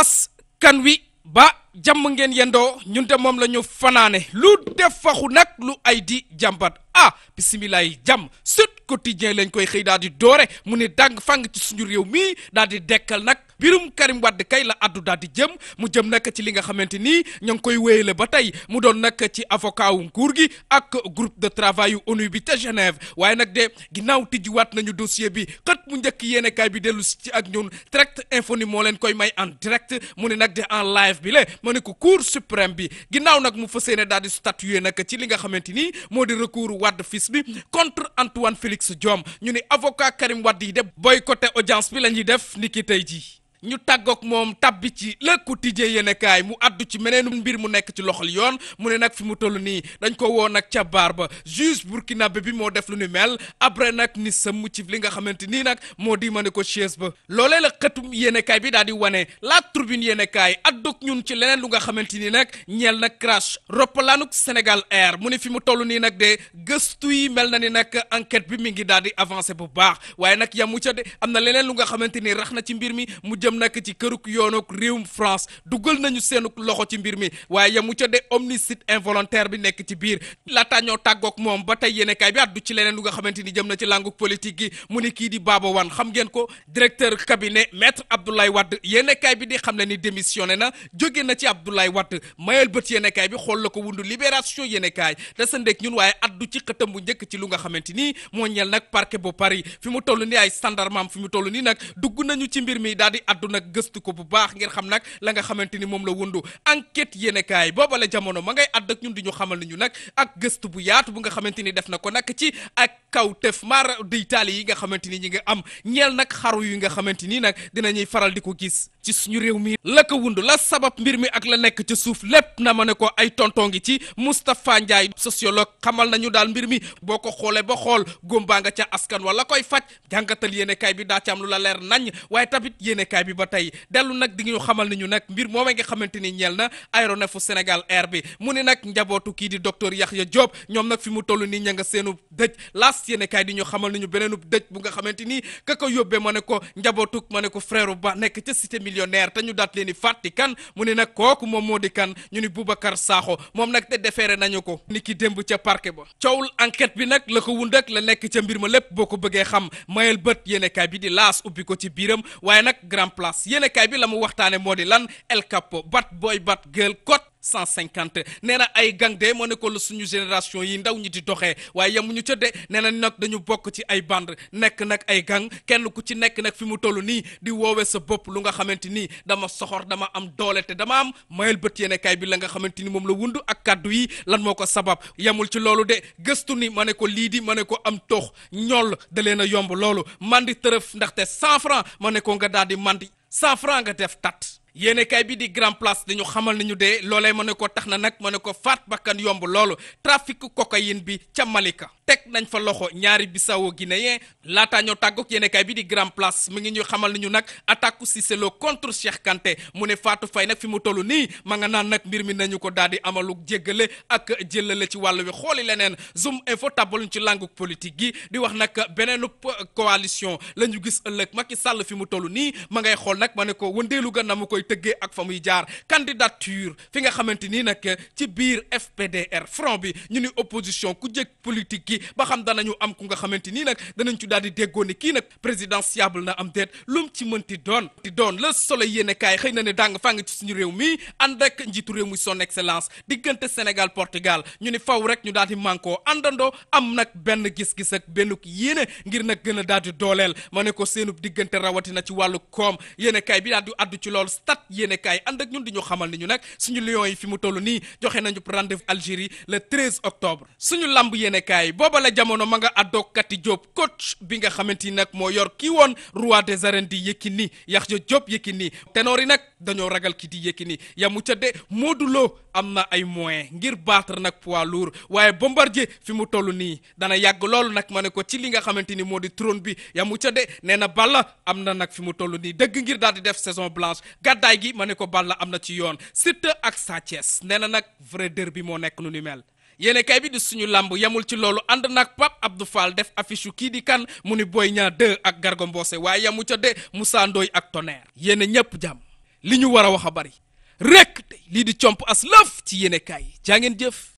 askan wi ba jàmm ngeen yendoo ñun de moom la ñu fanaane lu def faxu nag lu ay di jàmbat ah bisimilah yi jàmm Sud Quotidien lañ koy xëy daal di doore mu ne dàng fang ci suñu réew mii daal di dekkal nag birum Karim Wade kay la addu daal di jëm mu jëm nag ci li nga xamante ni ñoo ngi koy wéyale ba tey mu doon nag ci avocat wu nguur gi ak groupe de travail yu ONU bi ca Genève waaye nag de ginnaaw tijjiwaat nañu dossier bi xët mu njëkk yéenekaay bi dellu si ci ak ñun direct info moo leen koy may en direct mu ne nag de en live bi la ma ne ko cour suprême bi ginnaaw nag mu fas yéene daal di statuer nag ci li nga xamante ni moo di recours Wade fils bi contre Antoine Félix Diome ñu ne avocat Karim Wade yi de boycotté audience bi la ñuy def niki tey jii. ñu tàggoog moom tabbi ci le quotidien yéenekaay mu addu ci meneenu mbir mu nekk ci loxol yoon mu ne nag fi mu toll nii dañ ko woon nag ca baar ba ki burkinabé bi moo def lu ni mel après nag ni sëmm ci li nga xamante nii nag moo di ma ne ko chaise ba loolee la xëtum yéenekaay bi daal di wane la tribune yéenekaay addug ñun ci leneen lu nga xamante ni nag ñeel nag crash roppalaanuk Sénégal Air mu ne fi mu toll nii nag de gëstu yi mel na ni nag enquête bi mi ngi daal di avancé bu baax waaye nag yamu ca de am na leneen lu nga xamante ni rax na ci mbir mi mu jëm jëm nag ci këruk yoonok réewum France dugal nañu seenu loxo ci mbir mi waaye yamu ca de homicide involontaire bi nekk ci biir laataa ñoo tàggook moom ba tey yéene kaay bi addu ci leneen lu nga xamante ni jëm na ci làngu politique gi mu ni kii di Baba Wane xam ngeen ko directeur cabinet maître Abdoulaye Wade yéene kaay bi di xam ne ni démissionné na jóge na ci Abdoulaye Wade mayel bët yéene kaay bi xool la ko wundu libération yéene kaay da sa ndek ñun waaye addu ci xëtam bu njëkk ci lu nga xamante ni moo ñeel nag parquet bu Paris fi mu toll ni ay sandarmam fi mu toll ni nag dugg nañu ci mbir mi daal di addu nag gëstu ko bu baax ngeen xam nag la nga xamante ni moom la wundu enquête yéenekaay booba la jamono ma ngay àdd ak ñun di ñu xamal nañu nag ak gëstu bu yaatu bu nga xamante ni def na ko nag ci ak kawtef maar di taali yi nga xamante ni ñi nga am ñeel nag xaru yu nga xamante ni nag dinañuy faral di ko gis ci suñu réew mi la wund la sabab mbir mi ak la nekk ca suuf lépp na ma ne ko ay tonton ngi ci Moustapha Ndiaye sociologue xamal na ñu daal mbir mi boo ko xoolee ba xool góom baa nga ca askan wala koy faj jàngatal yéenekaay bi daa ci am lu la leer nañ waaye tamit yéenekaay bi bi ba tey dellu nag di ñu xamal ni ñu nag mbir moomee nga xamante ni ñeel na aéronafu Sénégal Air bi mu ne nag njabootu kii di docteur ya Diop ñoom nag fi mu toll nii ña nga seenub dëj laas yéene di ñu xamal ni ñu beneenub dëj bu nga xamante ni ka ko yóbbee ma ne ko njabootuk ma ne ko frère ba nekk ca cité millionnaire te ñu daat leen di fàtti kan mu ne nag kooku moom moo di kan ñu ni Boubacar Sakho moom nag te defeere nañu ko ni ki démb ca parquet ba coowul enquête bi nag la ko wund ak la nekk ca mbir ma lépp boo ko bëggee xam mayel bët bi di laas ci biiram place yéenekaay bi la mu waxtaane moo di lan El Capo bat boy bat girl code cent cinquante nee na ay gang de moo nekkoon la suñu génération yi ndaw ñi di doxee waaye yemuñu ca de nee na nag dañu bokk ci ay bande nekk nag ay gang kenn ku ci nekk nag fi mu toll nii di woowee sa bopp lu nga xamante ni dama soxor dama am doole te dama am mayel bët yéene bi la nga xamante ni moom la wund ak kàddu yi lan moo ko sabab yemul ci loolu de gëstu nii ma ne ko lii di ma ne ko am toox ñool da leen a yomb loolu mandi tërëf ndaxte cent ma ne ko nga daal di mandi cent nga def tat yéene bi di grand place dañu xamal nañu dee loolee ma ne ko tax na nag ma ne ko faat bakkan yomb loolu trafic cocaïne bi ca Malika teg nañ fa loxo ñaari bisawo guinéen laataa ñoo tàggook yéene bi di grand place mi ngi ñu xamal nañu nag attaque si Lo contre Cheikh mu ne faatu Faye nag fi mu toll nii ma nga naan nag mbir mi nañu ko daal di amalu jéggale ak jëlale ci wàll wi xooli leneen zoom info tabaluñ ci langue politique gi di wax nag beneenu coalition la ñu gis ëllëg Macky Sall fi mu toll nii ma ngay xool nag ma ne ko wëndeelu gën tëggee ak fa muy jaar candidature fi nga xamante ni nag ci biir FPDR front bi ñu ni opposition ku jëkk politique gi ba xam danañu am ku nga xamante ni nag danañ ci daal di déggoo ni kii nag président présidentiable na am déet lum ci mënti doon ti doon le soleil xëy na ne danga faa ngi ci suñu réew mi ànd ak njiitu réew mi son excellence diggante Sénégal Portugal ñu ni faw rek ñu daal di mànkoo àndandoo am nag benn gis-gis ak benn yéene ngir nag gën a daal di dooleel ma ne ko seenub diggante rawatina ci wàllu koom yéene bi daal di addu ci loolu stade yéene kaay ànd ñun di ñu xamal ni ñu nag suñu lions yi fi mu toll nii joxe nañu rendez-vous Algérie le 13 octobre suñu lamb yéene kaay booba la jamono ma nga àddoog Kati Diop coach bi nga xamante ni nag moo yor kii woon roi des arènes di Yékini Yaxya Diop Yékini tenor yi dañoo ragal kii di yékki Yékini yamu ca de Modou Lo am na ay moyens ngir battre nag poids lourd waaye Bombardier fi mu toll nii dana yàgg loolu nag ma ne ko ci li nga xamante ni moo di trône bi yamu ca de nee na Balla am na nag fi mu toll nii dëgg ngir daal di def saison blanche gàddaay gi ma ne ko Balla am na ci yoon Siteu ak Sa Thiès nee na nag vrai derby bi moo nekk nu ni mel. yéene kay bi di suñu làmb yamul ci loolu ànd nag Pape Abdou Fall def affiche yu kii di kan mu ni Boy Niang 2 ak Garga Mbossé waaye ca de Moussa ak Tonnerre yéene ñëpp jàmm. li ñu war a wax a bari rek tey lii di comp as lëf ci yéenekaay yi jaa ngeen jëf